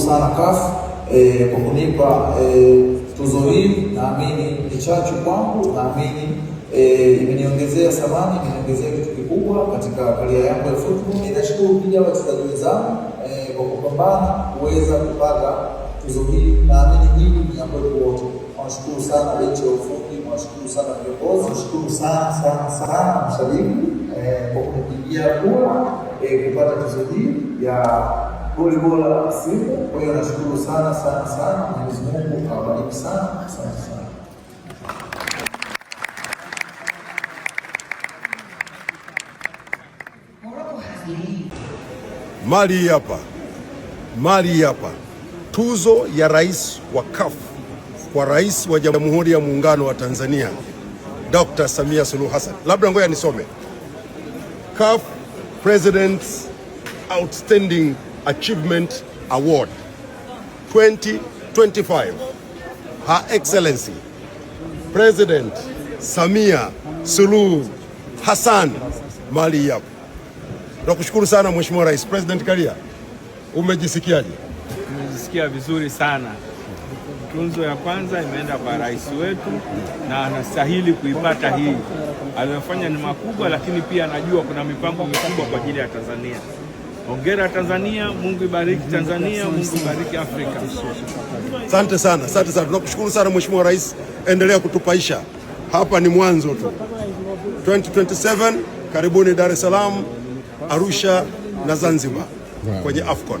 sana CAF e, eh, kwa kunipa e, tuzo hii. Naamini ni chachu kwangu, naamini e, imeniongezea samani, imeniongezea kitu kikubwa katika karia yangu ya football. Ninashukuru pia wachezaji wenzangu e, kwa kupambana kuweza kupata tuzo hii. Naamini hili ni jambo kwetu wote. Nawashukuru sana benchi ya ufundi, nawashukuru sana viongozi, nashukuru sana sana sana msalimu kwa kunipigia kura kupata tuzo hii ya goli bora la msimu. Kwa hiyo nashukuru sana sana sana, Mwenyezi Mungu awabariki sana, asante sana. Mali hii hapa, mali hii hapa, tuzo ya rais wa CAF kwa rais wa Jamhuri ya Muungano wa Tanzania Dr. Samia Suluhu Hassan. Labda ngoja nisome CAF President Outstanding Achievement Award 2025 Her Excellency President Samia Suluhu Hassan mali Nakushukuru sana Mheshimiwa Rais. President Karia, umejisikiaje? Umejisikia vizuri sana. Tunzo ya kwanza imeenda kwa rais wetu na anastahili kuipata hii. Aliyofanya ni makubwa, lakini pia anajua kuna mipango mikubwa kwa ajili ya Tanzania. Hongera Tanzania, Mungu ibariki Tanzania, Mungu ibariki Afrika. Asante sana, asante sana, tunakushukuru sana Mheshimiwa Rais, endelea kutupaisha. Hapa ni mwanzo tu. 2027 karibuni Dar es Salaam, Arusha na Zanzibar kwenye AFCON.